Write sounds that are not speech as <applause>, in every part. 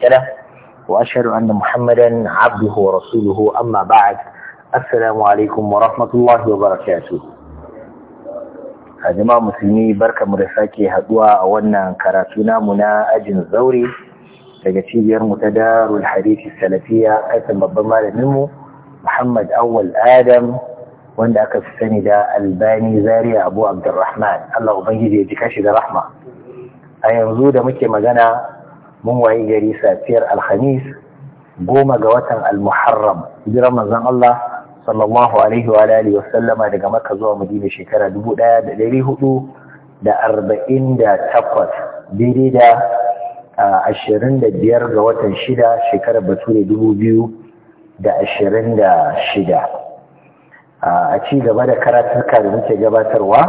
شريك له وأشهد أن محمدا عبده ورسوله أما بعد السلام عليكم ورحمة الله وبركاته da sake haduwa a wannan karatu namu na ajin zaure daga cibiyar mu ta darul hadisi salafiya aikin babban malamin mu Adam wanda aka fi sani da Albani Zaria Abu Allah ubangiji ya ji da rahma a yanzu da muke magana mun wayi gari safiyar alhamis goma ga watan almuharram hijirar manzon Allah sallallahu alaihi wa alihi wa sallama daga Makka zuwa Madina shekara 1448 daidai da biyar ga watan shida, shekarar Bature 2026 a ci gaba da karatuka da muke gabatarwa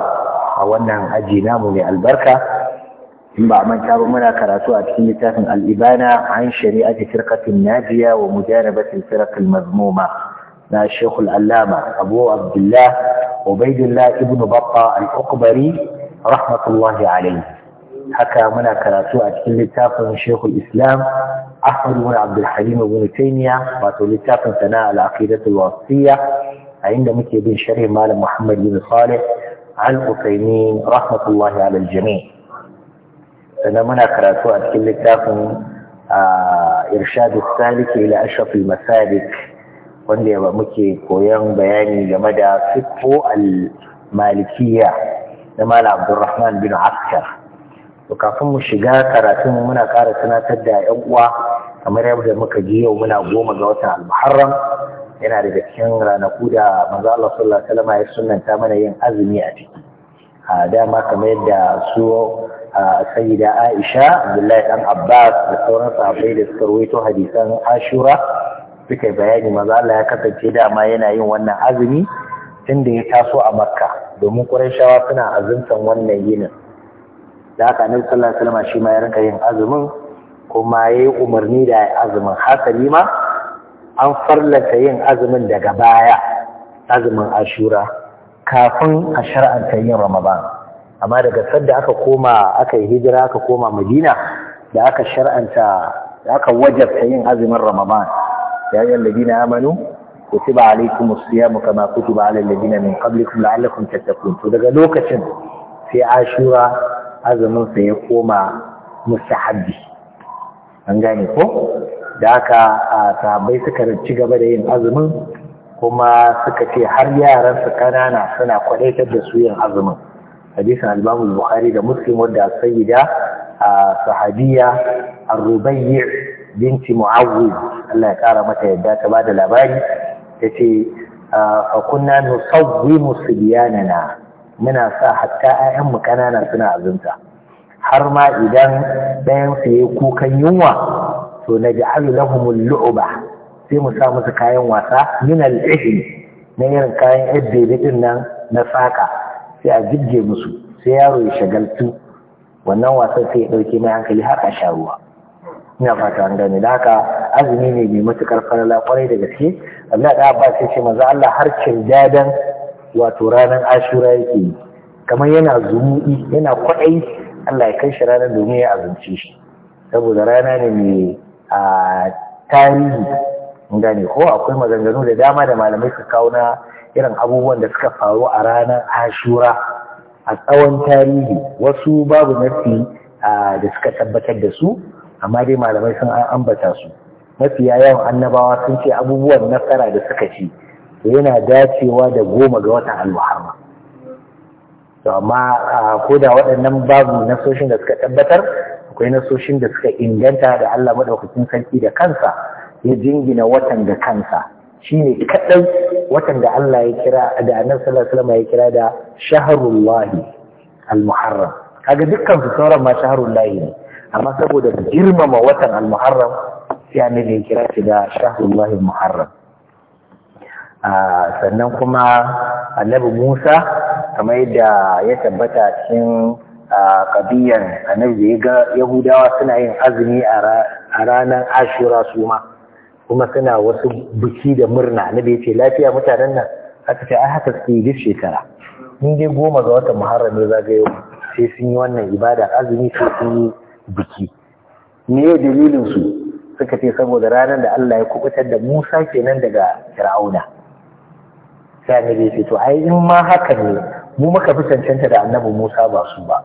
a wannan aji namu mai albarka in ba a manta ba muna karatu a cikin littafin al'ibana an shari'ati firqatin najiya wa mujanabatil firqil mazmuma na shekul allama abu abdullah ubaidullah ibnu batta al-ukbari rahmatullahi alayhi haka muna karatu a cikin littafin shekul islam ahmad ibn abdul halim ibn taymiya wato littafin sana al-aqidatul wasiyya a inda muke bin sharhi malam muhammad bin salih al-usaymin rahmatullahi ala al-jami' sannan muna karatu a cikin littafin irshadu saliki ila ashrafil masadik wanda ya muke koyon bayani game da fiqhu al-malikiyya na malam Abdulrahman bin Askar to kafin mu shiga karatun muna ƙara tunatar da yan uwa kamar yadda muka ji yau muna goma ga watan al-Muharram yana daga cikin ranaku da manzo Allah sallallahu alaihi wasallam ya sunnanta mana yin azumi a ciki a dama kamar yadda su sayyida Aisha Abdullahi dan Abbas da sauran sahabbai da suka rawaito hadisan Ashura suka bayani maza Allah ya kasance dama yana yin wannan azumi tun da ya taso a Makka domin Qurayshawa suna azumtan wannan yinin da haka Annabi sallallahu alaihi wasallam shi ma ya rinka yin azumin kuma yayi umarni da azumin hasali ma an farlata yin azumin daga baya azumin Ashura kafin a shar'anta yin Ramadan amma daga sadda aka koma aka yi hijira aka koma madina da aka shar'anta da aka wajabta yin azumin ramadan ya yi alladina amanu kutiba alaikum as-siyam kama kutiba ala alladina min qablikum la'allakum tattaqun to daga lokacin sai ashura azumin sa ya koma mustahabbi an gane ko da aka sahabbai suka ci gaba da yin azumin kuma suka ce har yaran su kanana suna kwadaitar da su yin azumin hadisin al-Imam bukhari da Muslim wanda sayyida sahabiya Ar-Rubayyi binti Mu'awwid Allah ya kara mata yadda ta bada labari tace fa kunna nusawwimu sibyanana muna sa hatta ayyan mu kanana suna azunta har ma idan ɗayan su yayi kukan yunwa to naj'alu lahumul lu'ba sai mu sa musu kayan wasa min al na irin kayan ɗin nan na saka sai a jirge musu sai yaro ya shagaltu wannan wasan sai ya ɗauke mai hankali har a sha ruwa ina fata an gane da haka azumi ne mai matukar farala kwarai da gaske Allah da ba sai ce maza Allah har kirjadan wato ranar ashura yake yi kamar yana zumudi, yana kwaɗayi Allah ya kai shi ranar domin ya azumce shi saboda rana ne mai a tarihi gane ko akwai maganganu da dama da malamai su kawo na irin abubuwan da suka faru a ranar ashura a tsawon tarihi wasu babu mafi da suka tabbatar da su amma dai malamai sun ambata su mafiya yawan annabawa sun ce abubuwan nasara da suka ci to yana dacewa da goma ga watan almuharram amma ko da waɗannan babu nasoshin da suka tabbatar akwai nasoshin da suka inganta da Allah maɗaukacin sarki da kansa ya jingina watan da kansa shine kadai watan da Allah ya kira da Annabi sallallahu ya kira da shahrullahi al-muharram kaga dukkan su sauran ma shahrullahi ne amma saboda girmama watan al-muharram sai Annabi ya kira shi da shahrullahi al-muharram ah, sannan kuma Annabi Musa kamar yadda ya tabbata cikin kabiyan ah, Annabi ya ga Yahudawa suna yin azumi a ranar Ashura suma. kuma suna wasu biki da murna na bai ce lafiya mutanen nan aka ce ai haka suke duk shekara in dai goma ga watan muharram ne yau sai sun yi wannan ibada azumi sai sun yi biki me ya dalilin su suka ce saboda ranar da Allah ya kubutar da Musa kenan daga Fir'auna sai annabi ya ce to ai in ma haka ne mu muka fi cancanta da annabi Musa ba su ba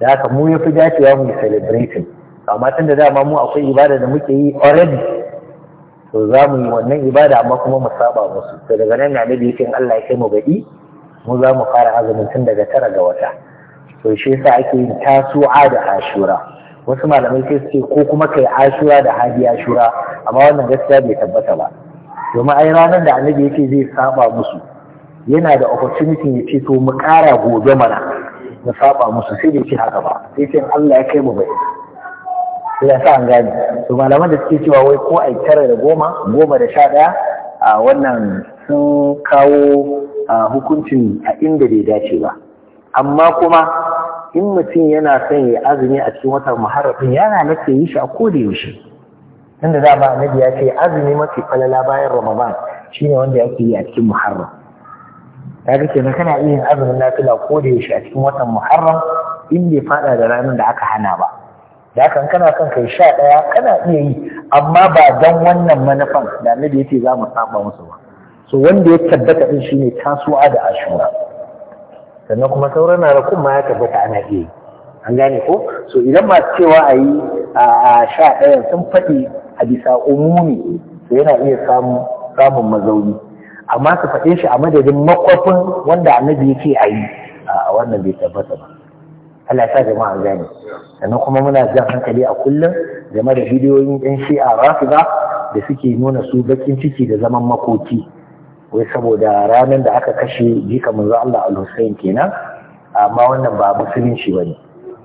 da haka mu ya fi dacewa mu celebrating amma tun da dama mu akwai ibada da muke yi already to za mu yi wannan ibada amma kuma mu saba musu to daga nan na nabi yake Allah ya kai mu gadi mu za mu fara azumin tun daga tara ga wata to shi yasa ake yin tasu'a da ashura wasu malamai sai suke ko kuma kai ashura da hadi ashura amma wannan gaskiya bai tabbata ba domin ai ranar da annabi yake zai saba musu yana da opportunity ya ce to mu ƙara gobe mana mu saba musu sai dai ce haka ba sai ce Allah ya kai mu ya sa an gane to malaman da suke cewa wai ko ai tara da goma goma da sha daya a wannan sun kawo hukuncin a inda bai dace ba amma kuma in mutum yana son ya azumi a cikin watan muharrafin yana nake yi shi a koda yaushe inda da ba annabi ya ce azumi mafi falala bayan ramadan shine wanda yake yi a cikin muharram kaga kenan kana iya azumin azumin ko da yaushe a cikin watan muharram in bai fada da ranar da aka hana ba da kan kana son kai sha ɗaya kana iya yi amma ba don wannan manufan da annabi ya ce za mu saba musu ba so wanda ya tabbata din shine tasuwa da ashura sannan kuma sauran na rakun ma ya tabbata ana iya yi an gane ko so idan masu cewa a yi a sha daya sun faɗi a bisa umumi yana iya samun mazauni amma su faɗe shi a madadin makwafin wanda annabi yake ce a yi a wannan bai tabbata ba Allah ya sa jama'a gani sannan kuma muna jan hankali a kullum game da bidiyoyin yan shi'a rafida da suke nuna su bakin ciki da zaman makoki wai saboda ranar da aka kashe jika manzo Allah al-Hussein kenan amma wannan ba musulunci bane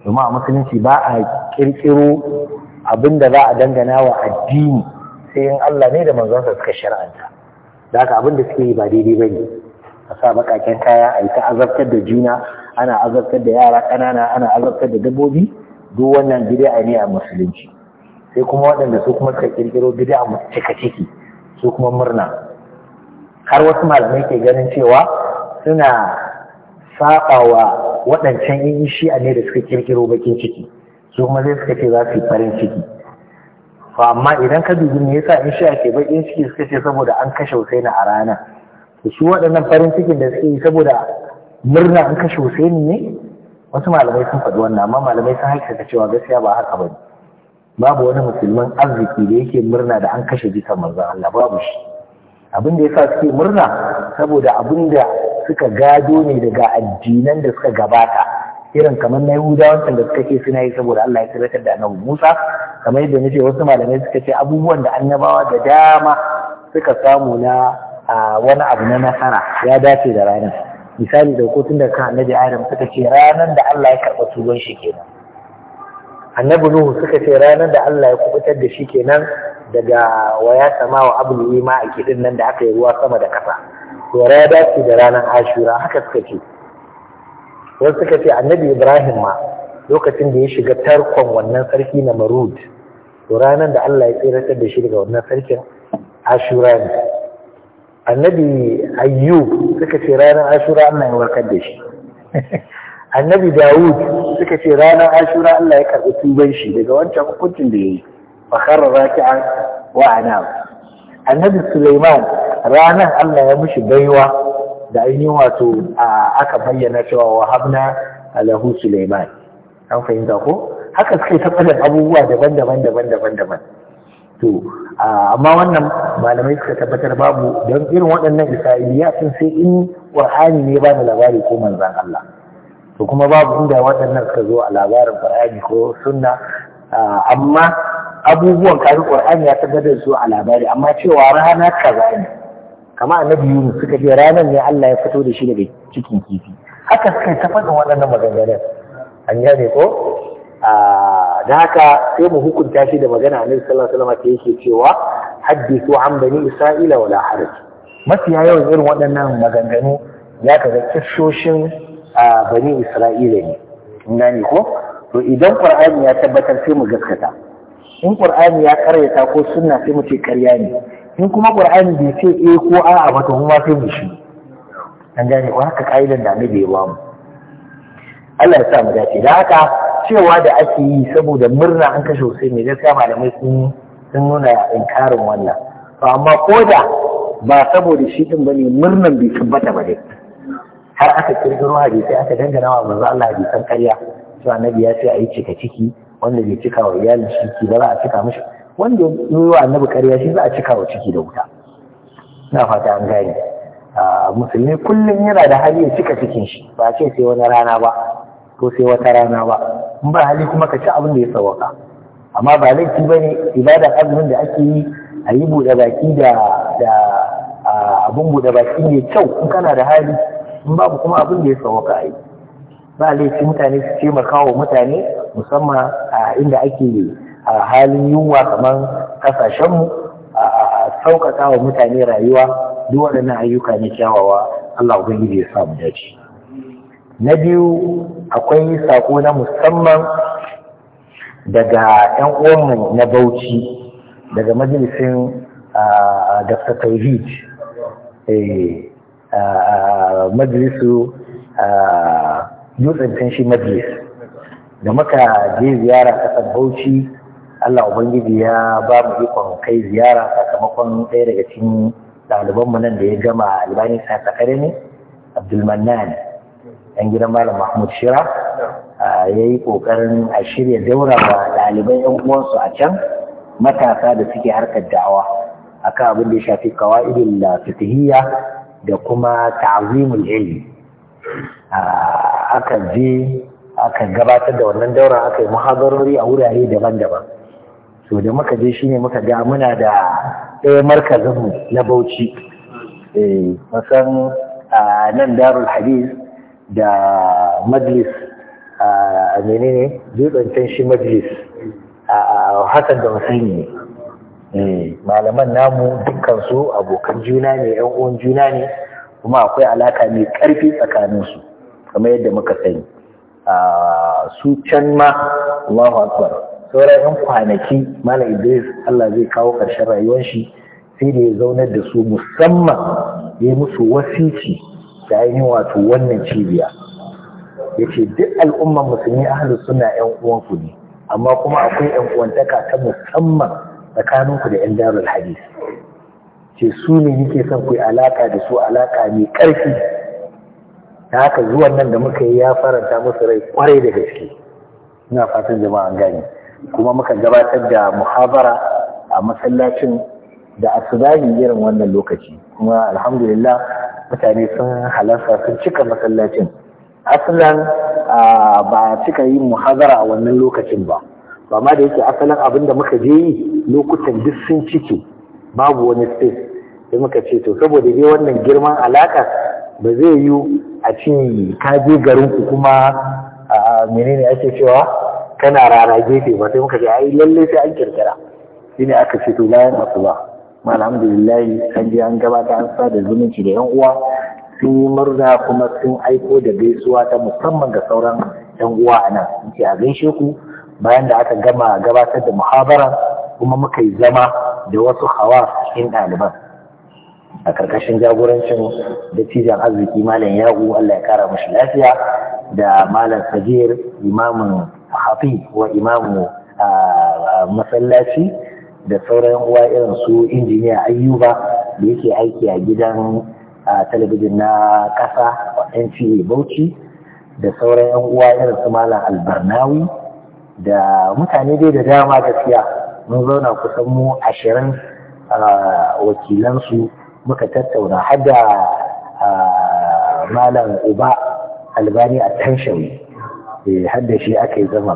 domin a musulunci ba a kirkiro abinda za a dangana wa addini sai in Allah ne da manzonsa suka shar'anta da haka abin da suke yi ba daidai bane a sa bakaken kaya a yi ta azabtar da juna ana azabtar da yara ƙanana ana azabtar da dabbobi duk wannan bid'a ne a musulunci sai kuma waɗanda su kuma suka kirkiro bid'a cika ciki su kuma murna har wasu malamai ke ganin cewa suna saba waɗancan yin shi'a ne da suka kirkiro bakin ciki su kuma zai suka ce za su yi farin ciki amma idan ka dubi me yasa in shi'a ke bakin ciki suka ce saboda an kashe Husaini a rana to shi waɗannan farin cikin da suke yi saboda murna an kashe Hussaini ne wasu malamai sun faɗi wannan amma malamai sun haƙƙa cewa gaskiya ba haka bane babu wani musulman arziki da yake murna da an kashe jikan manzon Allah babu shi abin da yasa suke murna saboda abin da suka gado ne daga addinan da suka gabata irin kamar na yahudawa da suka ke suna yi saboda Allah ya tsiratar da Annabi Musa kamar yadda nace wasu malamai suka ce abubuwan da annabawa da dama suka samu na a wani abu na nasara ya dace da ranar misali da hukutun da kan annabi adam suka ce ranar da Allah ya karɓa tuban shi kenan annabi nuhu suka ce ranar da Allah ya kubutar da shi kenan daga waya sama wa abul ma a kiɗin nan da aka yi ruwa sama da kasa to ya dace da ranar ashura haka suka ce Wani suka ce annabi ibrahim ma lokacin da ya shiga tarkon wannan sarki na marud to ranar da Allah ya tsiratar da shi daga wannan sarkin ashura ne annabi ayyub suka ce ranar ashura Allah ya warkar da shi <laughs> annabi dawud suka ce ranar ashura Allah ya karɓi tuban shi daga wancan hukuncin da ya yi fakar raki'an wa anam annabi suleiman ranar Allah ya mushi baiwa da ainihin wato aka bayyana cewa wa habna alahu Sulaiman, an fahimta ko haka suke ta abubuwa daban-daban daban-daban daban to amma wannan malamai suka tabbatar babu don irin waɗannan isra'iliyatin sai in ƙur'ani ne ba da labari ko manzan Allah to kuma babu inda waɗannan suka zo a labarin ƙur'ani ko sunna amma abubuwan kafin ƙur'ani ya tabbatar su a labari amma cewa rana kaza ne kama annabi Yunus suka ce ranar ne Allah ya fito da shi daga cikin kifi haka suka yi ta faɗin waɗannan maganganun an gane ko da haka sai mu hukunta shi da magana annabi sallallahu alaihi wasallam yake cewa hadithu an bani isra'ila wala haraj mafiya yawan irin waɗannan maganganu ya kaga kishoshin bani isra'ila ne gane ko to idan qur'ani ya tabbatar sai mu gaskata in qur'ani ya karyata ko sunna sai mu ce karya ne in kuma qur'ani bai ce eh ko a'a ba to mu ma sai mu shi an gane ko haka kaidan da annabi ya ba mu Allah ya sa mu dace da haka cewa da ake yi saboda murna an kashe Hussein ne gaskiya malamai sun sun nuna inkarin wannan to amma ko da ba saboda shi din bane murnan bai tabbata ba dai har aka kirkiro hadisi aka dangana wa manzo Allah hadisan ƙarya cewa annabi ya ce a yi cika ciki wanda bai cika wa iyalin shi ba za a cika mishi wanda ya yi wa annabi ƙarya shi za a cika wa ciki da wuta na fata an gane A ah, musulmi kullum yana da hali ya cika cikin shi ba ce sai wani rana ba to sai wata rana ba in ba hali kuma ka ci abin da ya sauka amma ba laifi ba ne ibadar azumin da ake yi a yi buɗe baki da abin buɗe baki mai kyau in kana da hali in babu kuma abin da ya sauka a yi ba laifi mutane su ce makawo mutane musamman a inda ake a halin yunwa kamar kasashenmu a sauƙaƙa wa mutane rayuwa duk waɗannan ayyuka ne kyawawa Allah Ubangiji ya samu dace. na biyu akwai sako na musamman daga 'yan uwanmu na bauchi daga majalisin dr tauhid eh, majalisu dutsen shi majalis da muka je ziyara kasar bauchi allah ubangiji ya ba mu ikon kai ziyara sakamakon ɗaya daga cikin ɗalibanmu nan da ya gama albani sa ne abdulmanani ɗan gidan malam mahmud shira ah, ya yi ƙoƙarin a shirya daurawa ɗaliban yan uwansu a can matasa da suke harkar da'awa akan abin da ya shafi qawaidul fiqhiyya da kuma ta'zimul ilmi ah, aka je aka gabatar da wannan daura aka yi muhadarori a wurare daban-daban so da muka je shine muka ga muna da ɗaya markazinmu na bauchi eh musan ah, nan darul hadith da majlis a menene tsancan shi majlis a Hassan da Husaini ne eh, malaman namu dukkan su abokan juna ne yan uwan juna ne kuma akwai alaka mai karfi tsakaninsu, su kamar yadda muka sani su can ma Allahu Akbar sauran yan kwanaki Malam Idris Allah zai kawo ƙarshen rayuwar shi sai da ya zaunar da su musamman ya musu wasici da ainihin wato wannan cibiya yace duk al'umman musulmi ahlus sunna ƴan uwanku ne amma kuma akwai ƴan uwantaka ta musamman tsakaninku da ƴan darul hadis ce su ne yake son ku alaka da su alaka mai ƙarfi ta haka zuwan nan da muka yi ya faranta musu rai kwarai da gaske ina fatan jama'an gani kuma muka gabatar da muhabara a masallacin da asubahi irin wannan lokaci kuma alhamdulillah mutane sun halarta sun cika masallacin asalan ba cika yin muhazara a wannan lokacin ba ba ma da yake asalin abin da muka je yi lokutan duk sun cike babu wani space sai muka ce to saboda dai wannan girman alaka ba zai yi a ce ka je garin ku kuma menene ake cewa kana rara gefe ba sai muka ce ai lalle sai an kirkira shine aka ce to bayan asuba alhamdulillahi alhamdulillah an je an gabata an sa da zumunci da yan uwa sun yi murna kuma sun aiko da gaisuwa ta musamman ga sauran yan uwa a nan a gaishe ku bayan da aka gama gabatar da muhabara kuma muka yi zama da wasu hawa cikin ɗaliban a karkashin jagorancin da dattijan arziki malam yahu Allah ya kara mashi lafiya da malam Sajiyar, imamin hafi wa imamu ah, masallaci da sauran uwa irin su injiniya ayyuba da yake aiki a gidan talabijin na ƙasa nca bauchi da sauran yan uwa irin su malam albarnawi da mutane dai da dama gaskiya mun zauna kusan mu ashirin wakilansu muka tattauna har da malam uba albani a tanshawi eh, har da shi aka yi zama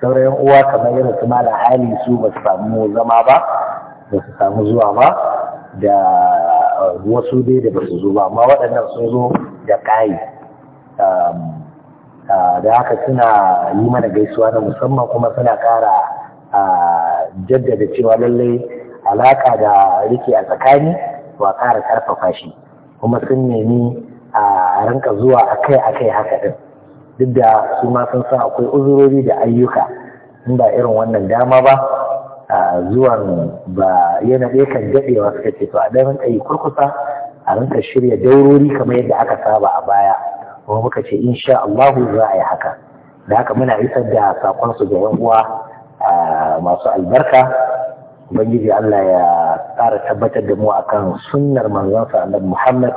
saurayin uwa kamar yadda su mala, hali su ba su samu zama ba ba su samu zuwa ba da wasu dai da ba su zo ba amma waɗannan sun zo da ƙayi da haka suna yi mana gaisuwa na musamman kuma suna ƙara jaddada cewa lallai alaƙa da rike a tsakani wa ƙara ƙarfafa shi kuma sun nemi a rinka zuwa akai-akai haka ɗin duk da su sun san akwai uzurori da ayyuka in ba irin wannan dama ba zuwan ba yana ɗaya kan daɗewa suka ce to a ɗan rinka yi kurkusa a rinka shirya daurori kamar yadda aka saba a baya kuma muka ce insha Allahu za a yi haka da haka muna isar da sakon su ga yan uwa masu albarka ubangiji Allah ya tsara tabbatar da mu akan sunnar manzon sa Annabi Muhammad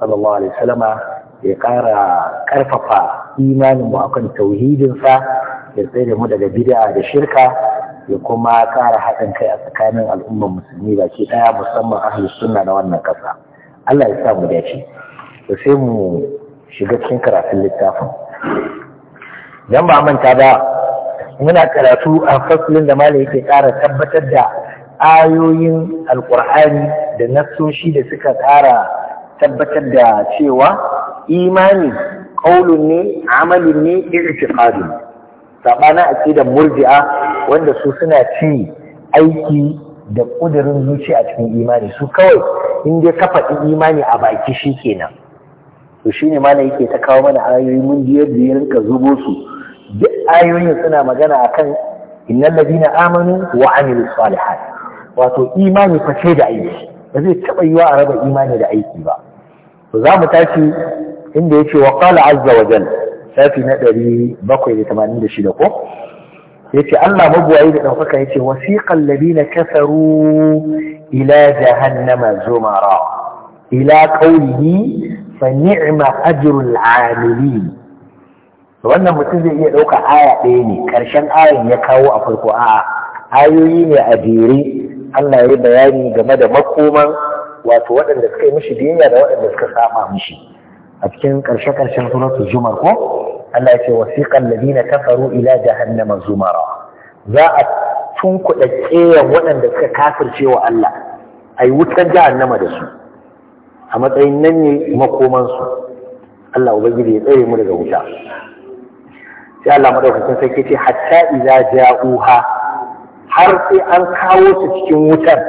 sallallahu alaihi wasallama ya ƙara ƙarfafa imanin mu akan tauhidinsa ya tsere mu daga bid'a da shirka ya kuma ƙara haɗin kai a tsakanin al'ummar musulmi baki ɗaya musamman ahlus sunna na wannan ƙasa Allah ya sa mu dace to sai mu shiga cikin karatun littafin dan ba manta ba muna karatu a fasalin da malai yake ƙara tabbatar da ayoyin alƙur'ani da nassoshi da suka ƙara tabbatar da cewa imani kaulun ne amalin ne i'tiqadi sabana aqidar murji'a wanda su suna ci aiki da kudirin zuciya a cikin imani su kawai in dai ka faɗi imani a baki shi kenan to shine mana yake ta kawo mana ayoyi mun ji yadda ya rinka zubo su duk ayoyin suna magana akan innal ladina amanu wa amilus salihat wato imani fa sai da aiki ba zai taɓa yiwa a raba imani da aiki ba to za mu tashi inda yake wa qala azza wa jalla safi na 786 ko yace Allah mabuwayi da daukaka yace wasiqal ladina kafaru ila jahannama zumara ila qawlihi fa ni'ma ajrul amilin wannan mutum zai iya dauka aya ɗaya ne karshen ayan ya kawo a farko a ayoyi ne a jere Allah ya yi bayani game da makoman wato waɗanda suka yi mishi biyayya da waɗanda suka saba mishi a cikin ƙarshe-ƙarshen suratu zumar ko Allah ya ce wasiqal ladina kafaru ila jahannama zumara za a tunkuɗa waɗanda suka kafirce wa Allah ai wutar jahannama da su a matsayin nan ne makomansu Allah ubangiji ya tsare mu daga wuta sai Allah madaukakin sarki ce hatta idza ja'uha har sai an kawo su cikin wutar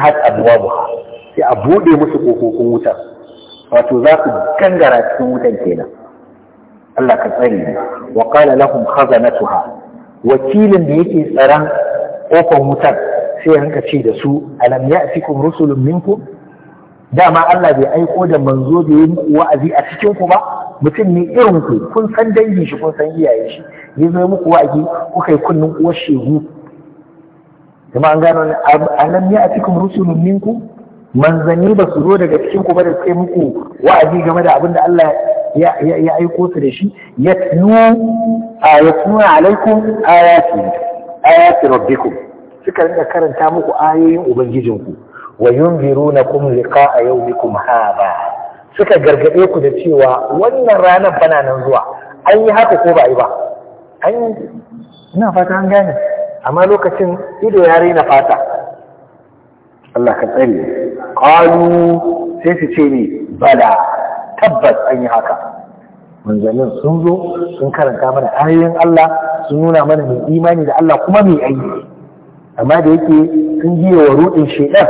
har abwabuha sai a buɗe musu kofofin wutar wato za su gangara cikin wutan kenan Allah ka tsare ni wa qala lahum khazanatuha wakilin da yake tsaran kofar wutar sai hanka ce da su alam ya'tikum rusulun minkum dama Allah bai aiko da manzo da yi wa'azi a cikin ku ba mutum ne irin ku kun san dangin shi kun san iyaye shi ya zo muku wa'azi kuka yi kunnin uwar shehu kuma an gano alam ya'tikum rusulun minkum manzanni ba su zo daga cikin ku ba da sai muku wa'azi game da abin da Allah ya aiko su da shi ya tunu ayatuna alaikum ayati ayati rabbikum suka rinka karanta muku ayoyin ubangijinku wa yunzirunakum liqa'a yawmikum hadha suka gargade ku da cewa wannan ranar bana nan zuwa an yi haka ko ba yi ba an ina fata an gane amma lokacin ido ya raina fata Allah ka tsare sai su ce ne bala tabbas an yi haka manzannin sun zo sun karanta mana ayoyin Allah sun nuna mana mai imani da Allah kuma mai aiki amma da yake sun ji wa ruɗin shaidan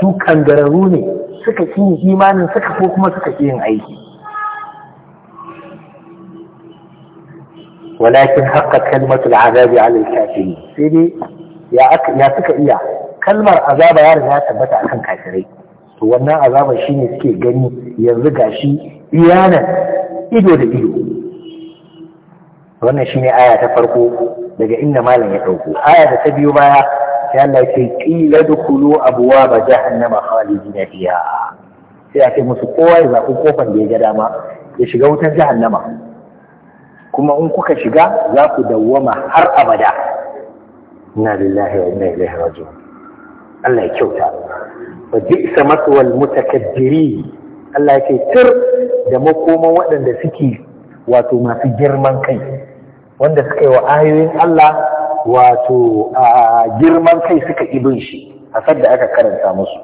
su kangararru ne suka yin imanin suka ko kuma suka yin aiki walakin haqqa kalmatul azabi ala kafirin sai dai ya suka iya kalmar azaba ya riga tabbata akan kafirai to wannan azaba shine suke gani yanzu gashi iyanan ido da ido wannan shine aya ta farko daga inda malam ya dauko aya da ta biyo baya sai Allah ya ce qila dukhulu abwaaba jahannama khalidina fiha sai a ce musu kowa ya zaɓi kofar da ya ga dama ya shiga wutar jahannama kuma in kuka shiga za ku dawwama har abada inna lillahi wa inna ilaihi raji'un Allah ya kyauta wa bi'sa matwal mutakabbiri Allah ya ce da makoma waɗanda suke wato masu girman kai wanda suka yi wa ayoyin Allah wato a girman kai suka ibin shi a da aka karanta musu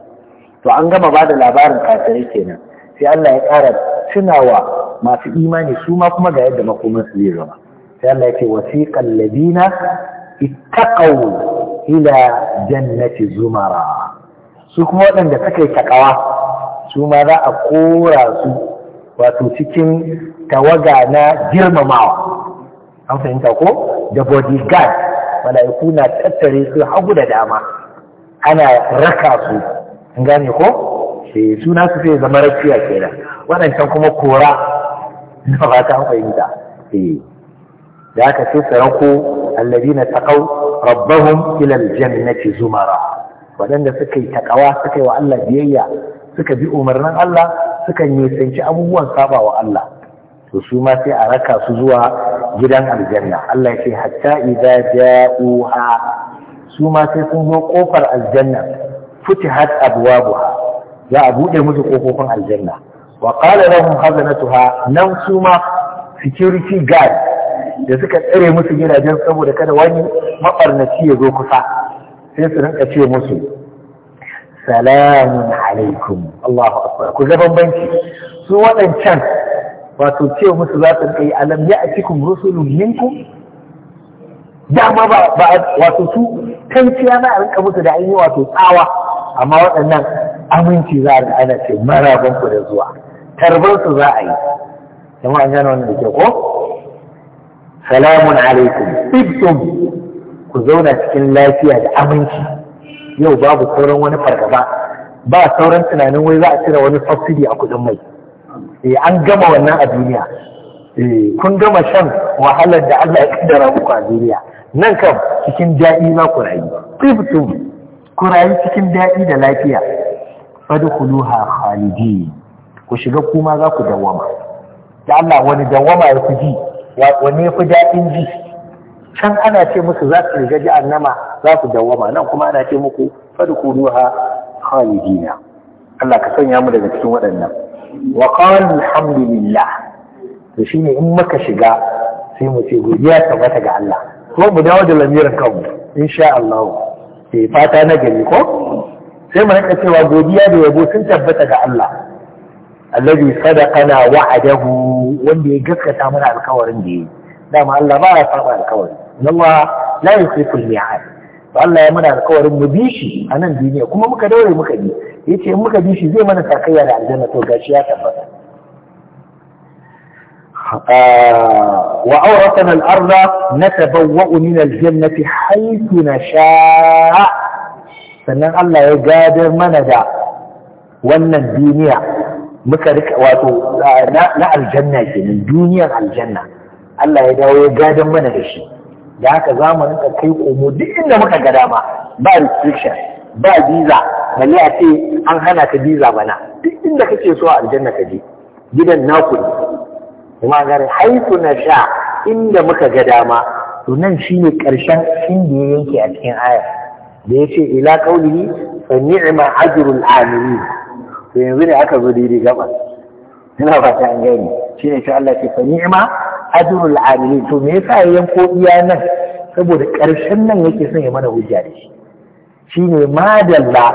to an gama ba da labarin kafirai kenan sai Allah ya ƙara tunawa masu imani su ma kuma ga yadda makoman su zai zama sai Allah ya ce wasiqal ladina ittaqaw ila jannati zumara su kuma waɗanda suka yi takawa su ma za a kora su wato cikin tawaga na girmamawa an fahimta ko da bodyguard mala'iku na tattare su hagu da dama ana raka su an gane ko eh, sai suna su sai zama rakiya kenan waɗancan kuma kora na ba ta fahimta eh, da aka ce allabi na taqaw rabbahum ila aljannati zumara wadanda suka yi takawa suka yi wa Allah biyayya suka bi umarnin Allah suka sanci abubuwan saba wa Allah to su ma sai a raka su zuwa gidan aljanna Allah ya ce hatta idza ja'uha su ma sai sun zo kofar aljanna futihat abwabuha za a bude musu kofofin aljanna wa qala lahum tuha nan su ma security guard da suka tsare musu gidajen saboda kada wani maɓarnaci ya zo kusa sai su rinka ce musu salamun alaikum Allahu akbar ku zaban banki su waɗancan wato ce musu za su kai alam ya atikum rusulun minkum dama ba ba wato su kanciya na a rinka musu da ainihi wato tsawa amma waɗannan aminci za a ana ce marabanku da zuwa tarbar su za a yi jama'a an gane wannan da ke ko salamun alaikum tibtum ku zauna cikin lafiya da aminci yau babu sauran wani fargaba ba sauran tunanin wai za a cire wani subsidy a kudin mai eh an gama wannan a duniya eh kun gama shan wahalar da Allah ya kaddara muku a duniya nan kam cikin daɗi ma ku rayu tibtum ku rayu cikin daɗi da lafiya fadkhuluha khalidin ku shiga kuma za ku dawwama da Allah wani danwama ya ku ji wanne fi daɗin ji can ana ce musu za su riga jahannama za ku dawwama nan kuma ana ce muku fadkhuluha khalidina Allah ka sanya mu daga cikin waɗannan wa qalu alhamdulillah to shine in muka shiga sai mu ce godiya tabbata ga Allah ko mu dawo da lamirin kanmu insha Allah sai eh, fata na gari ko sai mu rika cewa godiya da yabo sun tabbata ga Allah الذي صدقنا وعده وانده يجزك تامنا الكورن دي داما الله ما يصعب الكورن الله لا يخلف الميعاد فالله يمنع الكورن مبيشي أنا نبيني كما مكا دوري مكا دي يتي مكا ديشي زي ما نتاقيا على الجنة وقاشيات البطا وعورتنا الأرض نتبوأ من الجنة حيث نشاء فالله الله يقادر منا دا وأن الدنيا muka rika wato na aljanna kenan duniyar aljanna Allah ya dawo ya gadon mana da shi da haka za mu rika kai komo duk inda muka ga dama ba restriction ba visa balle a ce an hana ka visa bana duk inda kake so a aljanna ka je gidan naku ne kuma gare haitu na sha inda muka ga dama to nan shine karshen inda ya yanke a cikin aya da ya ce ila qaulihi fa ni'ma ajrul amilin to yanzu ne aka zo daidai gaba ina ba an gani Shi ne sai Allah ke fa ni'ima ajrul amilin to me yasa yayin ko iya nan saboda ƙarshen nan yake son ya mana hujja da shi ne madalla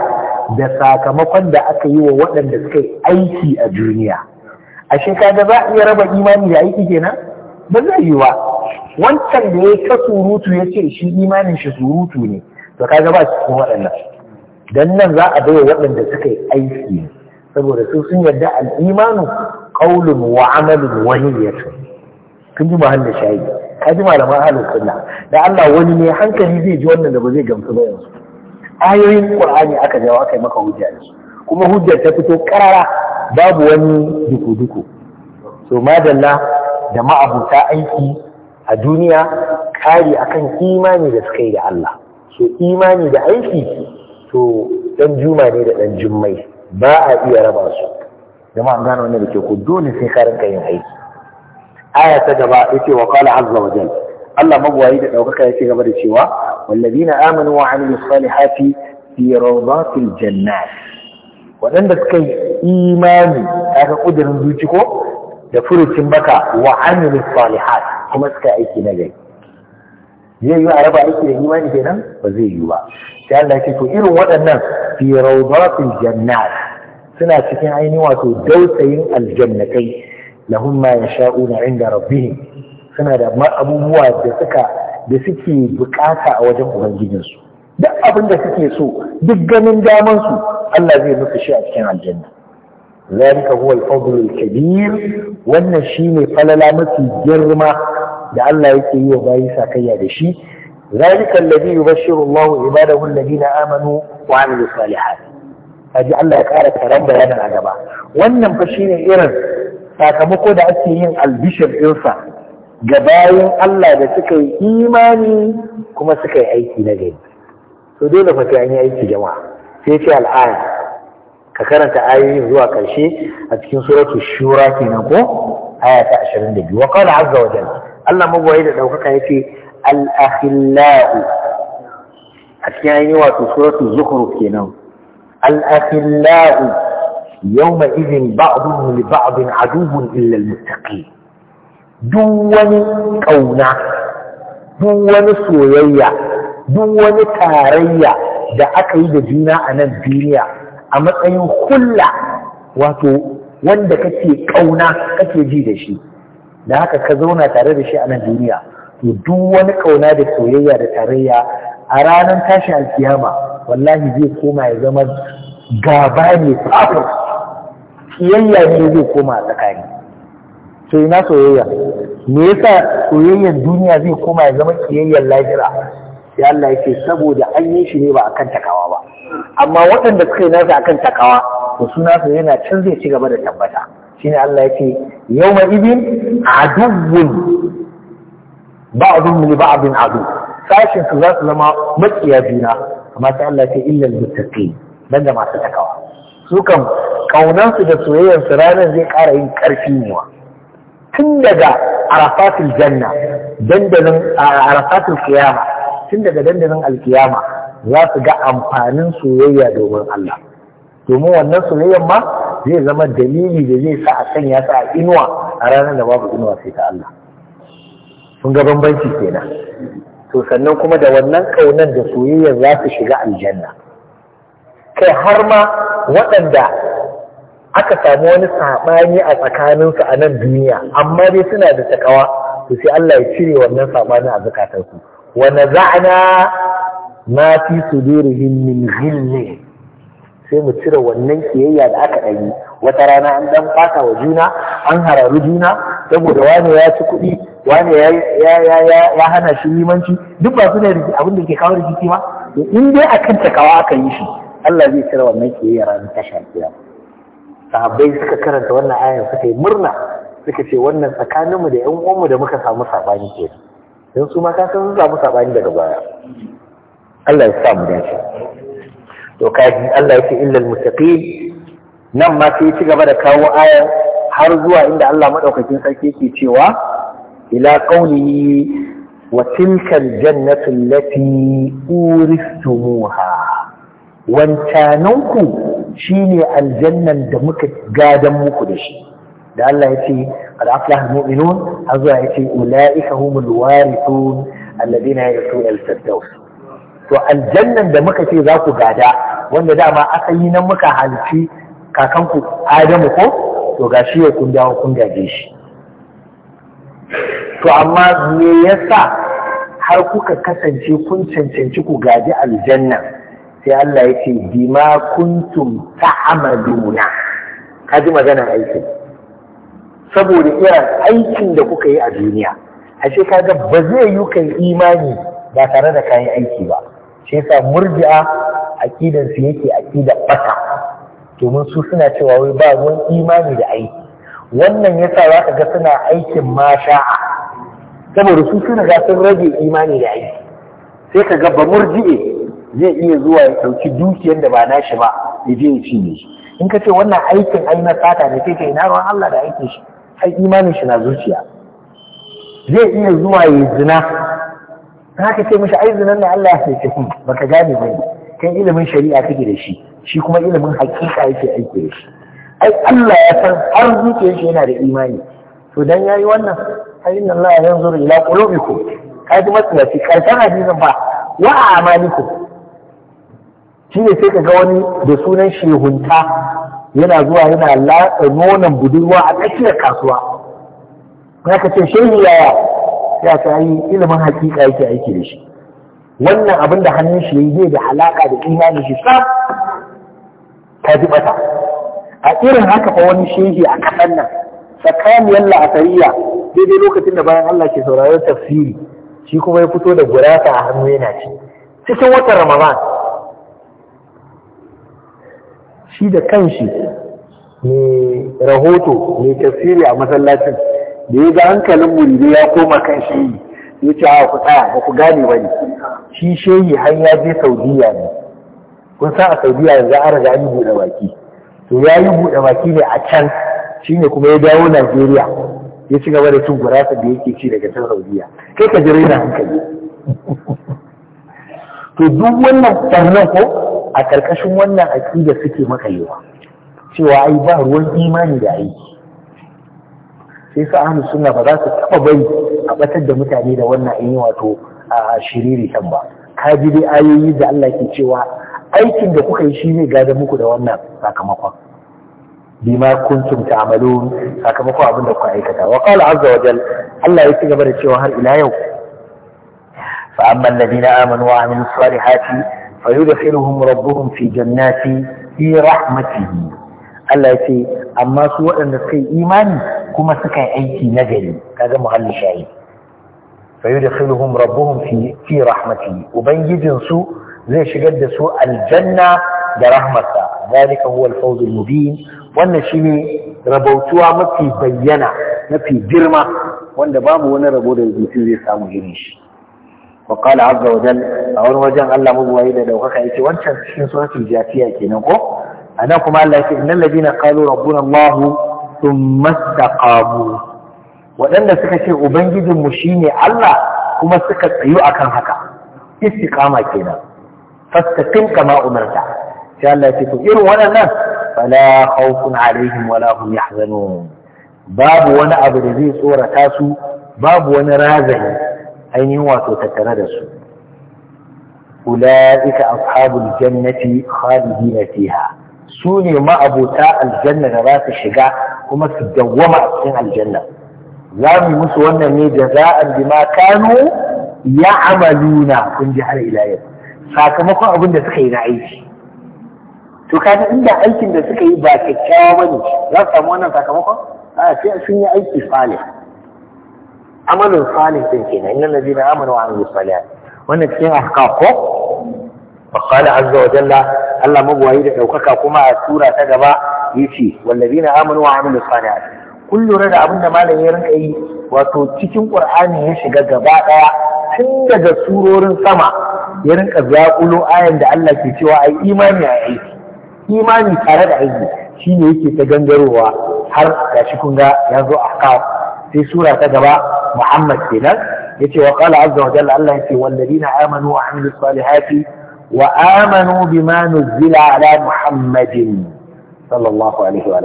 da sakamakon da aka yi wa waɗanda suka yi aiki a duniya ashe kaga za a iya raba imani da aiki kenan ba zai yi wa. wancan da ya ta surutu ya ce shi imanin shi surutu ne to kaga ba su cikin waɗannan dan nan za a bai waɗanda suka yi aiki ne saboda su sun yarda al'imanu qaulun wa amalun wa niyyatun kun ji shayi ka ji malaman halin sunna da Allah wani ne hankali zai ji wannan da ba zai gamsu ba yanzu ayoyin qur'ani aka jawo aka yi maka hujja da su kuma hujjar ta fito karara babu wani duku-duku so madalla da ma'abuta aiki a duniya kari akan imani da suka yi da Allah so imani da aiki to dan juma ne da dan jummai ba a iya raba su jama'an gano wannan da ke ku dole sai ka rinka yin aiki aya ta gaba yace wa qala azza wa jalla Allah magwayi da daukaka yace gaba da cewa wallazina amanu wa amilus salihati fi rawdatil jannat waɗanda suka yi imani aka kudirin zuci ko da furucin baka wa amilus salihat kuma suka aiki na gari zai yi a raba aiki da imani kenan ba zai yi ba sai Allah ce to irin waɗannan fi rawdatil jannat suna cikin ainihin wato dausayin aljannatai lahum ma yasha'una inda rabbihim suna da abubuwa da suka da suke bukata a wajen ubangijinsu duk abin da suke so duk ganin daman su Allah zai musu shi a cikin aljanna zalika huwa al-fadl al-kabir wannan shine falala mafi girma da Allah yake yi wa bayi sakayya da shi ذلك الذي يبشر الله عباده amanu wa وعملوا الصالحات kaji Allah ya kara karan bayanin a gaba wannan fa shine irin sakamako da ake yin albishir insa. ga bayan Allah da suka yi imani kuma suka yi aiki na gari to dole fa sai an yi aiki jama'a sai ce al'aya ka karanta ayoyin zuwa karshe a cikin suratul shura kenan ko aya ta 22 wa qala azza wa jalla Allah magwaye da ɗaukaka ya ce al'akhillahu a cikin ainihin wato suratul zukhruf kenan al'akhillahu yawma idhin ba'dhum li ba'dhin aduwwun adubun al-muttaqin duk wani ƙauna, duk wani soyayya duk wani tarayya da aka yi da juna a nan duniya a matsayin hulla wato wanda kake ƙauna kake ji da shi da haka ka zauna tare da shi a nan duniya to duk wani kauna da soyayya da tarayya a ranar tashi alkiyama wallahi zai koma ya zama gaba ne tsafin kiyayya ne zai koma a tsakani to ina soyayya me yasa soyayyar duniya zai koma ya zama kiyayyar lahira sai Allah ce saboda an yi shi ne ba akan takawa ba amma waɗanda suka yi nasa akan takawa to suna yana can zai ci gaba da tabbata shine Allah ya ce yawma idin aduwwun ba'dhum li ba'din adu sashin su za su zama maƙiya juna amma sai Allah ya ce illa al-muttaqin banda masu takawa su kan kaunansu da soyayyarsu ranar zai ƙara yin ƙarfi muwa tun daga arafatul janna dandalin arafatul kiyama tun daga dandalin alkiyama za su ga amfanin soyayya domin Allah domin wannan soyayyar ma zai zama dalili da zai sa a sanya ta a inuwa a ranar da babu inuwa sai ta Allah sun ga bambanci kenan to sannan kuma da wannan kaunan da soyayyar za su shiga aljanna kai har ma waɗanda aka samu wani saɓani a tsakaninsu a nan duniya amma dai suna da takawa to sai Allah ya cire wannan saɓani a zakatarsu wa naza'na ma fi sudurihim min ghillin sai mu cire wannan kiyayya da aka ɗanyi wata rana an dan fata wa juna an hararu juna saboda wane ya ci kuɗi wane ya hana shi limanci duk ba su ne abin da ke kawo rikici ba in dai a kan takawa aka yi shi Allah zai cire wannan kiyayya ranar tashar kiyama sahabbai suka karanta wannan ayan suka yi murna suka ce wannan tsakaninmu da ƴan uwanmu da muka samu sabani ke don su ma ka sun samu sabani daga baya Allah ya sa mu dace to kaji Allah yake illal muttaqin nan ma sai ci gaba da kawo aya har zuwa inda Allah madaukakin sarki yake cewa ila qawlihi wa tilka aljannatu allati uristumuha wancananku shine aljannan da muka gadan muku da shi da Allah ya ce qad aflaha almu'minun har zuwa ya ce ulaika humul warithun alladhina yasuu al to aljannan da muka ce za ku gada wanda dama aka yi nan muka halci kakanku adamu ko to ga shi kun dawo kun gaje shi to amma me yasa har kuka kasance kun cancanci ku gaji aljanna sai Allah ya ce bima kuntum ta'amaluna kaji maganar aiki. saboda irin aikin da kuka yi a duniya ashe kaga ba zai yi kan imani ba tare da kayan aiki ba shi yasa murji'a kidan su yake aqidar bata domin su suna cewa wai ba ruwan imani da aiki wannan yasa za ka ga suna aikin masha'a saboda su suna ga sun rage imani da aiki sai ka ga ba murji'e zai iya zuwa ya dauki dukiyar da ba nashi ba ya je ya cinye shi in ka ce wannan aikin ai na sata ne sai ka ina ruwan Allah da aikin shi ai imanin shi na zuciya zai iya zuwa ya zina haka ce mishi ai zinan na Allah ya sai kun baka gane ba kan ilimin shari'a kake da shi shi kuma ilimin hakika yake aiki da shi ai Allah ya san har zuciyar shi yana da imani to dan yayi wannan ai inna Allah yanzuru ila qulubikum kaji matsalaci karshen hadisin ba wa amalikum shi ne sai ka ga wani da sunan shehunta yana zuwa yana latsa nonon budurwa a tsakiyar kasuwa. Na ka ce shehu yaya ya ta yi ilimin hakika yake aiki da shi wannan abin da hannun shi yi zai da alaka da imani shi sam ta ji bata a irin haka fa wani shehi a kasan nan tsakaniyar la'asariya daidai lokacin da bayan Allah ke sauraron tafsiri shi kuma ya fito da gurasa a hannu yana ce. cikin watan ramadan shi da kanshi mai rahoto mai tafsiri a masallacin da ya ga hankalin muridi ya koma kan shehi ya ce a ku tsaya ba ku gane ba ne shi shehi har ya je saudiya ne kun san a saudiya yanzu an riga yi buɗe baki to ya yi buɗe baki ne a can shi ne kuma ya dawo najeriya ya ci gaba da cin gurasa da yake ci daga can saudiya kai ka jira yana hankali <laughs> to duk wannan tsarnan ko a ƙarƙashin wannan aƙida suke maka yiwa. cewa ai ba ruwan imani da aiki sai sa ahlus sunna ba za su taba bai a batar da mutane da wannan ayi wato a shiriri kan ba ka ji dai ayoyi da Allah ke cewa aikin da kuka yi shi ne gada muku da wannan sakamakon bima kuntum ta'malun sakamakon abin da kuka aikata wa qala azza wa jal Allah ya ci gaba da cewa har ila yau fa amma alladhina amanu wa amilus salihati fayudkhiluhum rabbuhum fi jannati bi rahmatihi Allah ya ce amma su waɗanda suka yi imani kuma suka yi aiki na gari kaga muhalli shayi da yudkhiluhum rabbuhum fi fi ubangijin su zai shigar da su aljanna da rahmatsa zalika huwa al-fawz al-mubin wannan shine rabautuwa mafi bayyana mafi girma wanda babu wani rabo da rubutu zai samu irin shi wa qala azza wa jalla a wani wajen Allah mabawai da daukaka yake wancan cikin suratul jafiya kenan ko A nan kuma Allah ya ce innal ladina qalu rabbuna Allah thumma istaqamu waɗanda suka ce ubangijin mu shine Allah kuma suka tsayu akan haka istiqama kenan fastaqim kama umarta sai Allah ya ce to irin waɗannan fala khawfun alaihim wala hum yahzanun babu wani abu da zai tsorata su babu wani razani ainihin wato tattare da su أولئك أصحاب الجنة خالدين فيها su ne ma'abota aljanna da za su shiga kuma su dawwama a cikin aljanna za mu musu wannan ne da jaza'an bima kanu ya'maluna kun ji har ila yau sakamakon abin da suka yi na aiki to kaga inda aikin da suka yi ba kyakkyawa ba ne, za su samu wannan sakamakon a sai sun yi aiki falin. amalin falin din kenan innal ladina amanu wa amilus salihat wannan cikin ahqaq ko فقال عز وجل الله مبوعي لأوكك كما أسورة تقبع يشي والذين آمنوا وعملوا الصالحات كل رد أبونا ما ليرن أي وتوتيكم قرآن يشي قبع tun daga surorin sama ya rinka zaƙulo ayan da Allah ke cewa ai imani a aiki imani tare da aiki shi ne yake ta gangarowa har ga shi kun ya zo a kawo sai sura ta gaba Muhammad kenan ya ce wa qala azza Allah ya ce wa amanu bima muhammadin sallallahu alaihi wa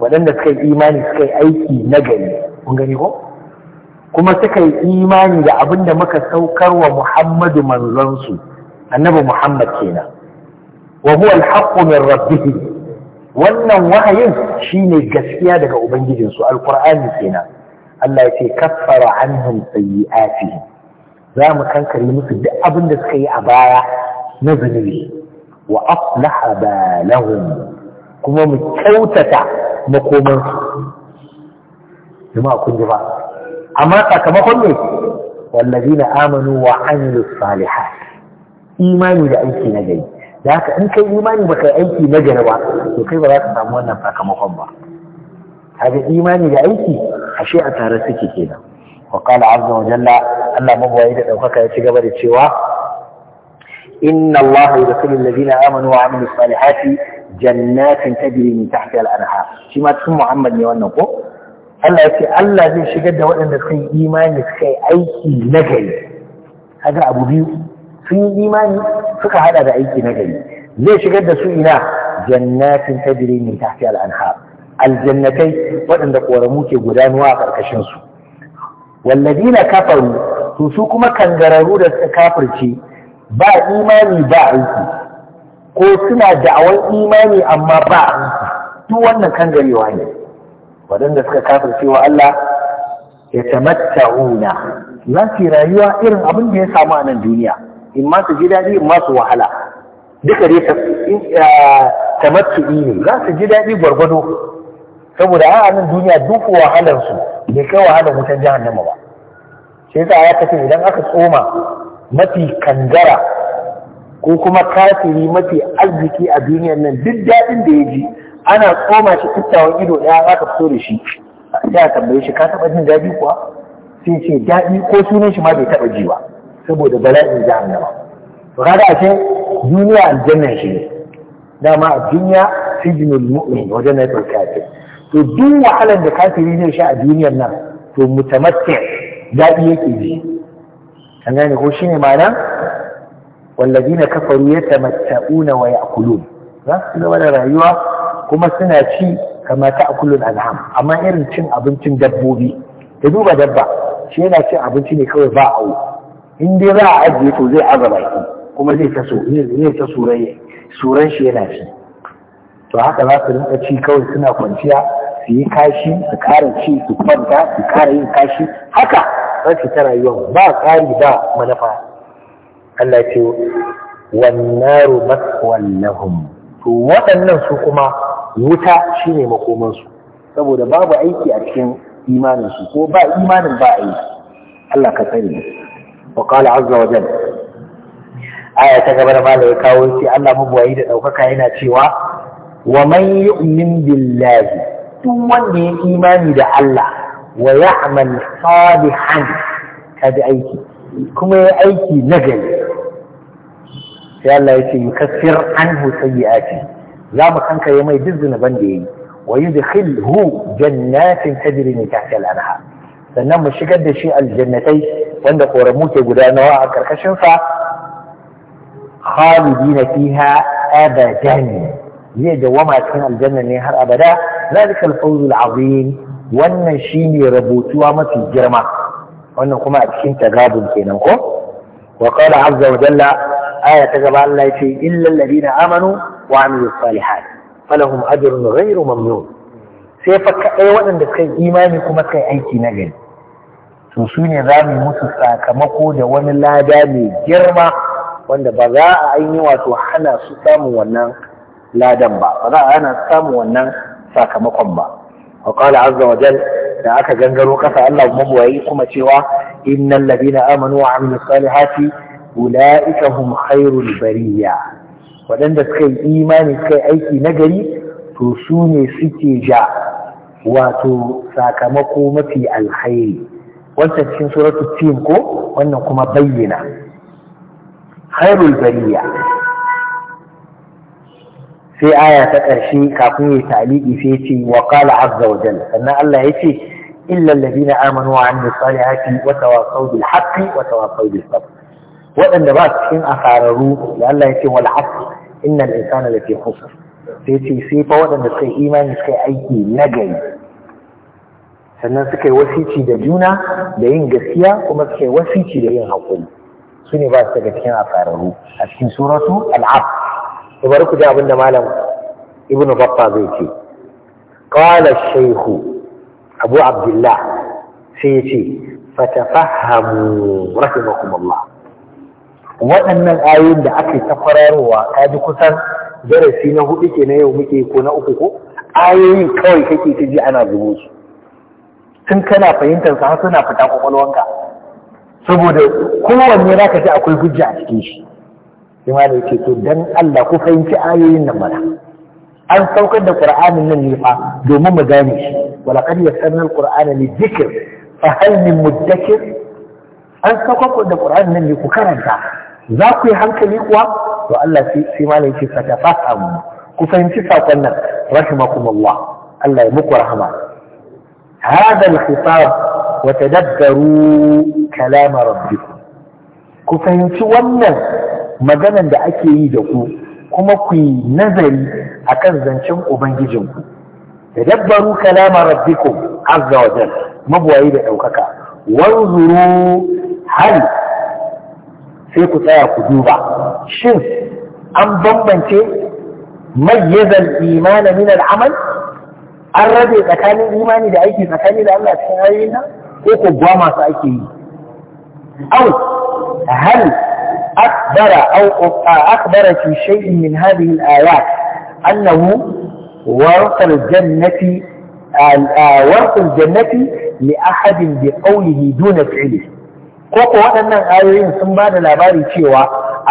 waɗanda suka yi imani suka yi aiki nagari, kun gani ko kuma suka yi imani da abin da muka saukar wa muhammadu manzonsu annabi muhammad kenan wa huwa alhaqqu wannan wahayin shine gaskiya daga ubangijinsu alqur'ani kenan Allah ya ce kaffara anhum sayyi'atihim za mu kankare musu duk abin da suka yi a baya na zunubi wa aslaha balahum kuma mu kyautata makoman jama'a kun ji ba amma sakamakon ne wallazina amanu wa amilus salihat imani da aiki na gari da haka in kai imani ba kai aiki na gari ba to kai ba za ka samu wannan sakamakon ba kaga imani da aiki ashe a tare suke kenan wa qala azza wa jalla Allah mabawayi da ɗaukaka ya ci gaba da cewa inna Allah yudkhilu alladhina amanu wa amilus salihati jannatin tajri min tahtiha al shi ma cikin Muhammad ne wannan ko Allah ya ce Allah zai shigar da waɗanda suka yi imani suka yi aiki na gari kaga abu biyu sun yi imani suka hada da aiki na gari zai shigar da su ina jannatin tajri min tahtiha al aljannatai waɗanda koramu ke gudanuwa a ƙarƙashin wallazina kafaru to su kuma kangararu da suka kafirce ba imani ba aiki ko suna da'awan imani amma ba aiki duk wannan kangarewa ne waɗanda suka kafirce wa Allah ya tamatta'una za su rayuwa irin abin da ya samu a nan duniya in ma su ji daɗi in ma su wahala duka dai tamattu'i ne za su ji daɗi gwargwado saboda a nan duniya duk wahalarsu bai kai wahalar wutan nama ba sai yasa ya kace idan aka tsoma mafi kangara ko kuma kafiri mafi arziki a duniyar nan duk daɗin da ya ji ana tsoma shi tuttawan ido ɗaya aka fito da shi sai a tambaye shi ka taɓa jin daɗi kuwa sai ce daɗi ko sunan shi ma bai taɓa ji ba saboda bala'in jahannama to kaga a ce duniya aljanna shi ne dama a duniya sijinul mu'min wajen na kafir to duk wahalar da kafiri zai sha a duniyar nan to mutamatti daɗi yake ji an gane ko shine ma'ana wallazina kafaru yatamatta'una wa ya'kulun za su gaba da rayuwa kuma suna ci kama ta'kulul an'am amma irin cin abincin dabbobi ta duba dabba shi yana cin abinci ne kawai ba a in dai za a ajiye to zai azaba kuma zai ta so zai ta suran shi yana ci to haka za su rinka ci kawai suna kwanciya su yi kashi su kara ci su kwanta su kara yin kashi haka za su ta rayuwa ba tsari ba manufa Allah ce wannaru lahum to waɗannan su kuma wuta shine makomansu saboda babu aiki a cikin imanin su ko ba imanin ba aiki Allah ka sani wa qala azza wa jalla aya ta gaba da malai kawo shi Allah mabuwayi da ɗaukaka yana cewa wa man yu'min billahi duk wanda ya imani da Allah wa ya'mal salihan kada aiki kuma ya aiki nagari sai Allah ya ce yukaffir anhu sayyi'ati za mu kankare mai duk zunuban da yayi wa yudkhilhu jannatin tajri min tahtiha al-anhar sannan mu shigar da shi aljannatai wanda koramu ke gudanawa a karkashin sa khalidina fiha abadan zai dawama cikin aljanna ne har abada zalika al-fawz wannan shine rabutuwa mafi girma wannan kuma a cikin tagabun kenan ko wa qala azza wa jalla aya ta gaba Allah ya ce illal ladina amanu wa amilus salihat falahum ajrun ghairu mamnun sai fa kai waɗanda kai imani kuma kai aiki na gari to su ne za mu musu sakamako da wani lada mai girma wanda ba za a ainihi wato hana su samun wannan ladan ba ba za a ana samun wannan sakamakon ba wa qala azza wa jal da aka gangaro kasa Allah kuma wayi kuma cewa innal ladina amanu wa amilus salihati ulaika hum khairul bariya waɗanda suka yi imani suka yi aiki nagari to su ne suke ja wato sakamako mafi alkhairi wancan cikin suratu tim ko wannan kuma bayyana khairul bariya sai aya ta ƙarshe kafin ya ta'liqi sai ce wa qala azza wa jalla sannan Allah ya ce illa alladhina amanu wa amilu salihati wa tawassaw bil haqqi wa tawassaw bis sabr waɗanda ba su cikin asararu da Allah ya ce wal asr innal insana lafi khusr sai ce sai fa waɗanda suka yi imani suka yi aiki nagari sannan suka yi wasici da juna da yin gaskiya kuma suka yi wasici da yin haƙuri su ne ba su daga cikin asararu a cikin suratu al'asr bari ku ji abin da malam ibnu baffa zai ce qala shaihu abu abdullah sai ya ce fatafahhamu rahimakumullah waɗannan ayoyin da ake ta kwararowa ka ji kusan darasi na hudu ke na yau muke ko na uku ko ayoyin kawai kake ta ji ana zubo su tun kana fahimtar sa suna fita kwakwalwanka saboda kowanne za ka ji akwai hujja a cikin shi sai ma da to dan Allah ku fahimci ayoyin nan mana an saukar da qur'anin nan ne fa domin mu gane shi wala qad yassarna al-qur'ana lidhikr fa hal min mudakkir an saukar da qur'anin nan ne ku karanta za ku yi hankali kuwa to Allah sai ma da yake fatafahamu ku fahimci sakon nan rahimakumullah Allah ya muku rahama هذا الخطاب وتدبروا كلام ربكم ku fahimci wannan maganan da ake yi da ku kuma ku yi nazari kan zancen ubangijinku tadabbaru kalama rabbikum azza wa jalla mabwayi da ɗaukaka wanzuru hali sai ku tsaya ku duba shin an bambance mayyazal imanin min al-amal an rabe tsakanin imani da aiki tsakani da Allah cikin ayoyin nan ko ko gwa masu ake yi au Hali! أكبر أو أكبر في شيء من هذه الآيات أنه ورث الجنة ورث الجنة لأحد بقوله دون فعله koko waɗannan ayoyin sun ba da labari cewa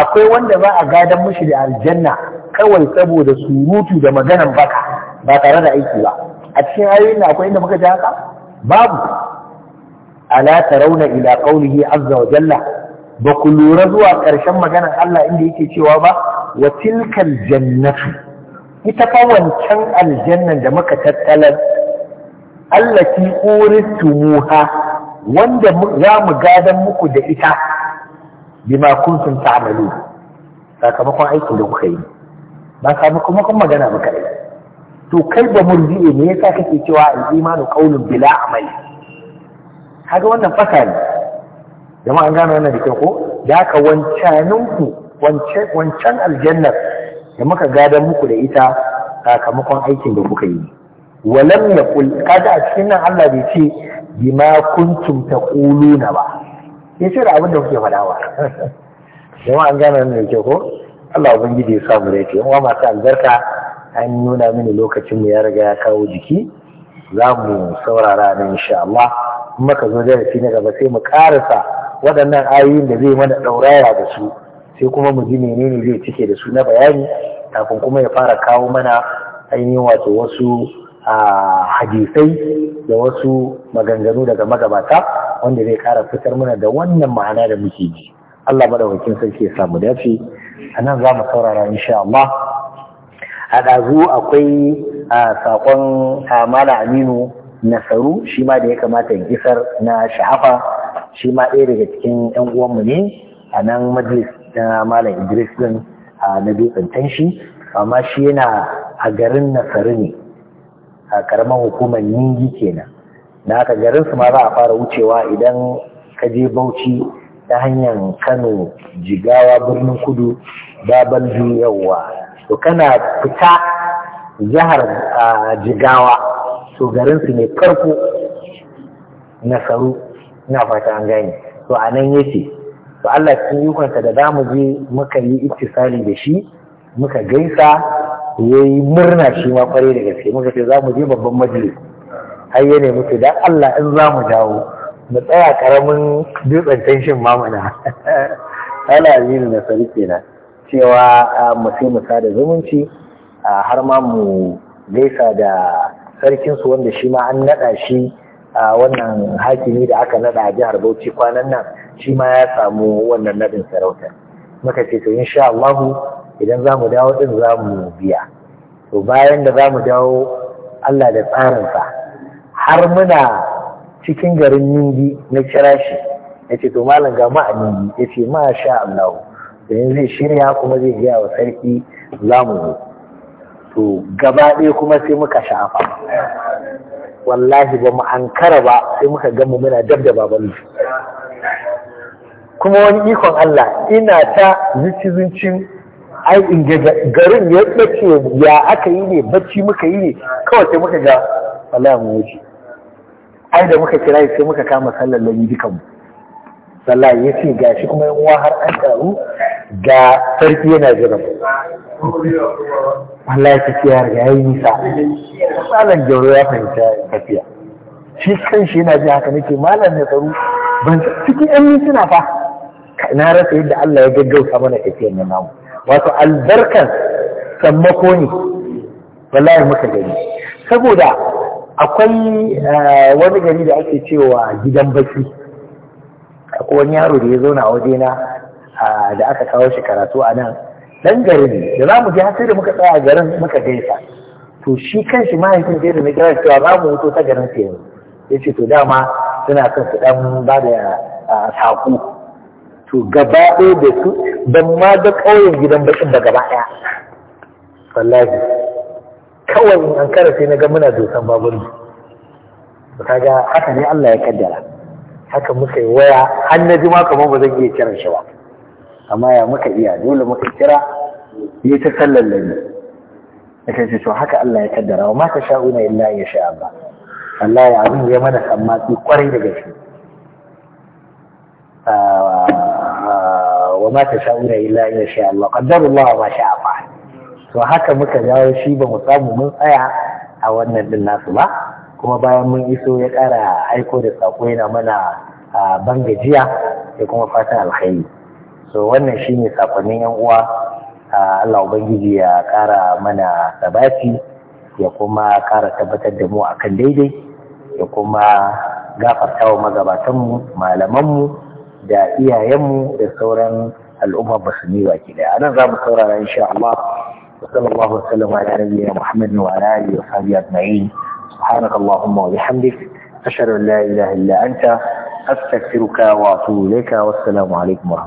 akwai wanda za a gadon mashi da aljanna kawai saboda surutu da maganan baka ba tare da aiki ba a cikin ayoyin akwai inda muka ji haka babu ala tarawna ila qawlihi azza wa jalla ba ku lura zuwa ƙarshen maganar Allah inda yake cewa ba wa tilkal jannatu ita fa wancan aljannan da muka tattalar allati uritumuha wanda za mu gadan muku da ita bima kuntum ta'malu sakamakon aikin da kuka yi ba sakamakon magana muka yi. to kai ba murji'e ne yasa kake cewa al-imanu qawlun bila amali kaga wannan fasali jama'a an gane wannan da kyau ko da haka wancaninku wancan aljannar da muka gadon muku da ita sakamakon aikin da kuka yi walam ya kul kada a cikin nan Allah bai ce bima kuntum taquluna ba sai sai abin da kuke faɗawa. ba <laughs> jama'a an gane wannan da kyau ko Allah ubangiji ya samu da ce wa masu albarka an nuna mini lokacin mu ya riga ya kawo jiki za mu saurara ne insha Allah kuma ka zo darasi na gaba sai mu karasa waɗannan ayoyin da zai mana ɗauraya da su sai kuma mu ji menene zai cike da su na bayani kafin kuma ya fara kawo mana ainihin wato wasu hadisai da wasu maganganu daga magabata wanda zai kara fitar mana da wannan ma'ana da muke ji Allah madawakin sarki ya samu dace a nan za mu saurara insha Allah a ɗazu akwai saƙon Mala Aminu Nasaru shi ma da ya kamata in isar na sha'afa shi ma ɗaya daga cikin yan uwanmu ne a nan majalis na malam idris din na dutsen tanshi amma shi yana a garin nasaru ne a karamar hukumar ningi kenan Da haka garin su ma za a fara wucewa idan ka je bauchi ta hanyar kano jigawa birnin kudu babal yawa to kana fita jihar jigawa to garin su ne farko nasaru ina fata an gane to a nan yace to Allah cikin ikonsa da zamu je muka yi ittisali da shi muka gaisa yayi murna shi ma kware da gaske muka ce zamu je babban majalis har ya nemi ce dan Allah in zamu dawo mu tsaya karamin dutsen tenshin mamana ana <laughs> yi na sarki kenan cewa mu sai mu sada zumunci har ma mu gaisa da sarkinsu wanda shi ma an naɗa shi A wannan hakimi da aka nada a jihar Bauchi kwanan nan shi ma ya samu wannan nadin sarauta. muka ce to insha Allah idan zamu dawo din zamu biya to bayan da zamu dawo Allah da tsarin sa har muna cikin garin Ningi na kira shi yace to malam ga mu a Ningi yace ma sha Allah yanzu zai shirya kuma zai gaya wa sarki zamu to gaba ɗaya kuma sai muka sha'afa wallahi ba mu ankara ba sai muka gamu muna dab da baban kuma wani ikon Allah ina ta zuci zuncin ai in garin ya bace ya aka yi ne bacci muka yi ne kawai sai muka ga wallahi mu wuce ai da muka kira sai muka kama sallar lami dukan mu ya ce gashi kuma yan uwa har an karu ga sarki yana jiran Allah ya tafiya ga yayi nisa malam jauro ya fahimta tafiya shi kan shi yana ji haka nake malam ne tsaro ban cikin yan mintuna fa na rasa yadda Allah ya gaggauta mana tafiyar na namu wato albarkan sammako ne wallahi muka gani saboda akwai eh, wani gari da ake cewa gidan baki akwai wani yaro da ya zauna a wajena da aka kawo shi karatu a nan ɗan garin da za mu je har da muka tsaya garin muka gaisa to shi kan shi mahaifin sai da na kira cewa za mu wuto ta garin sai yanzu ya ce to dama suna son su ɗan ba da saƙo to gaba ɗaya da su don ma da ƙauyen gidan bakin da gaba ɗaya wallahi kawai in an kara sai na ga muna dosan babur kaga haka ne Allah ya kaddara haka muka yi waya har na ji kamar ba zan iya kiran shi ba amma ya muka iya dole muka kira yi ta sallar lami da ta ce to haka Allah ya kaddara wa mata sha'una illa ya sha Allah Allah ya abin ya mana sammatsi kwarai da gaske ah, ah, wa mata sha'una illa ya sha Allah qaddarullahu ma sha'a fa'al to haka muka jawo shi ba mu samu mun tsaya a wannan din nasu ba kuma bayan mun iso ya ƙara aiko da sako yana mana ah, ban gajiya da kuma fatan alkhairi so wannan shine sakonnin yan uwa Allah ubangiji ya kara mana sabati ya kuma kara tabbatar da mu akan daidai ya kuma gafarta wa magabatanmu malamanmu da iyayenmu da sauran al'umma musulmi baki daya anan za mu saurara insha Allah sallallahu alaihi wa sallam ala nabiyyina Muhammad wa ala alihi wa sahbihi ajma'in سبحانك اللهم وبحمدك أشهد أن لا إله إلا أنت أستغفرك وأتوب إليك والسلام عليكم ورحمة الله